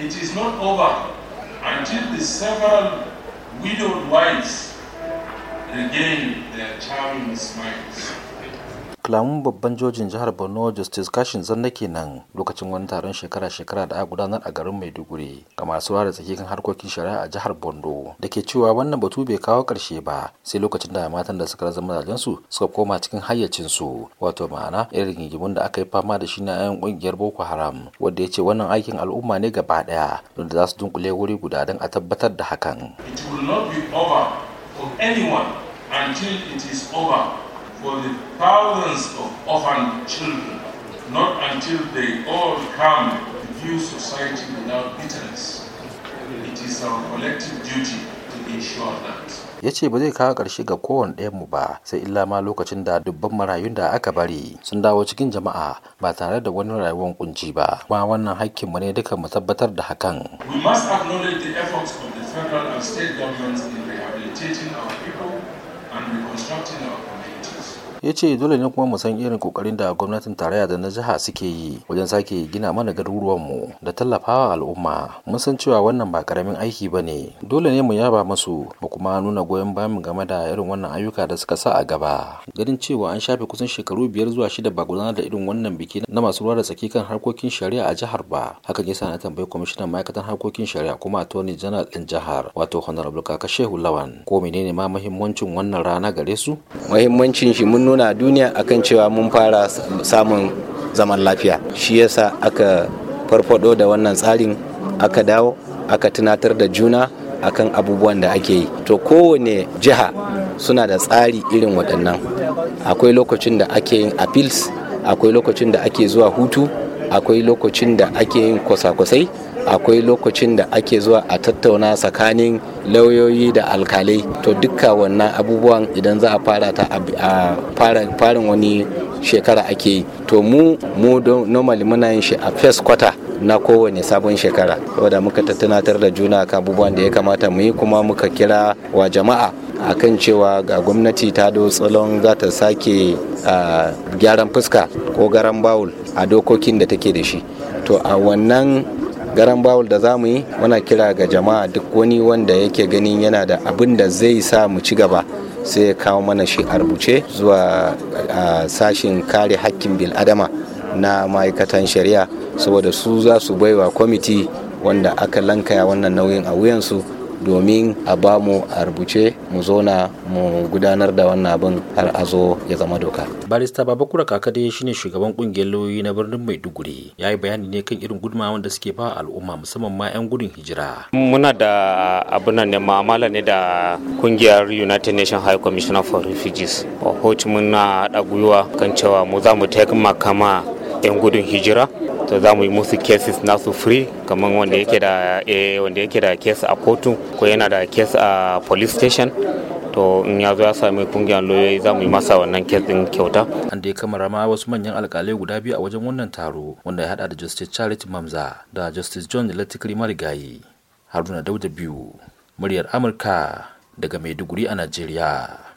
It is not over until the several widowed wives regain their charming smiles. kalamun babban jojin jihar borno justice kashin zanna kenan lokacin wani taron shekara-shekara da aka gudanar a garin maiduguri ga masu da kan harkokin shari'a a jihar borno da ke cewa wannan batu bai kawo karshe ba sai lokacin da matan da suka zama mazajensu suka koma cikin hayyacinsu wato ma'ana irin rigimun da aka yi fama da shi na yan kungiyar boko haram wanda ya ce wannan aikin al'umma ne gaba daya da za su dunkule wuri guda don a tabbatar da hakan. It will not be over for anyone until it is over for the thousands of orphan children, not until they all come to view society without bitterness. It is our collective duty to ensure that. ya ce ba zai kawo ƙarshe ga kowane ɗayan mu ba sai illa ma lokacin da dubban marayun da aka bari sun dawo cikin jama'a ba tare da wani rayuwar kunci ba kuma wannan mu ne duka mu tabbatar da hakan. We must acknowledge the efforts of the federal and state governments in rehabilitating our people and reconstructing our ya ce dole ne kuma mu san irin kokarin da gwamnatin tarayya da na jiha suke yi wajen sake gina mana garuruwanmu da tallafawa al'umma mun san cewa wannan ba karamin aiki ba ne dole ne mu yaba masu mu kuma nuna goyon bayan game da irin wannan ayyuka da suka sa a gaba ganin cewa an shafe kusan shekaru biyar zuwa shida ba gudanar da irin wannan biki na masu ruwa da tsaki kan harkokin shari'a a jihar ba hakan yasa na tambayi kwamishinan ma'aikatan harkokin shari'a kuma attorney general din jihar wato honorable kaka shehu lawan ko menene ma muhimmancin wannan rana gare su muhimmancin shi mun nuna duniya akan cewa mun fara samun zaman lafiya shi yasa aka farfado da wannan tsarin aka dawo aka tunatar da juna akan abubuwan da ake yi to kowane jiha suna da tsari irin waɗannan akwai lokacin da ake yin appeals akwai lokacin da ake zuwa hutu akwai lokacin da ake yin kwasa-kwasai akwai lokacin da ake zuwa a tattauna tsakanin lauyoyi da alkalai to dukka wannan abubuwan idan za a fara ta a farin wani shekara ake yi to mu mu normally muna yin shi a first quarter na kowane sabon shekara saboda muka tattunatar da juna kan abubuwan da ya kamata mu yi kuma muka kira wa jama'a a kan cewa ga gwamnati ta do tsalon za ta sake gyaran fuska ko garan bawul a dokokin da take da shi to a wannan garan bawul da za mu yi muna kira ga jama'a duk wani wanda yake ganin yana da abin da zai sa mu ci gaba sai ya kawo mana shi a rubuce zuwa sashin kare hakkin bil'adama na ma'aikatan shari'a saboda su za su baiwa kwamiti wanda aka lankaya wannan nauyin a wuyansu domin a ba mu a rubuce mu zona mu gudanar da wannan abin har a zo ya zama doka. Barista Babakura Kakade shine shugaban kungiyar lauyoyi na birnin Maiduguri. Ya yi bayani ne kan irin gudunmawa da suke ba al'umma musamman ma 'yan gudun hijira. Muna da abin nan ne ma'amala ne da kungiyar United Nations High Commissioner for Refugees. Hoci muna haɗa gwiwa kan cewa mu za mu taimaka ma 'yan gudun hijira to za mu yi musu cases nasu free kamar wanda yake da eh, wanda yake da case a kotu ko yana da case a police station to in ya zo ya sami kungiyar lauyoyi za mu yi masa wannan kes din kyauta. An dai kamar ma wasu manyan alkalai guda biyu a wajen wannan taro wanda ya hada da Justice Charity Mamza da Justice John Latikri Marigayi. Haruna Dauda biyu, muryar Amurka daga Maiduguri a Najeriya.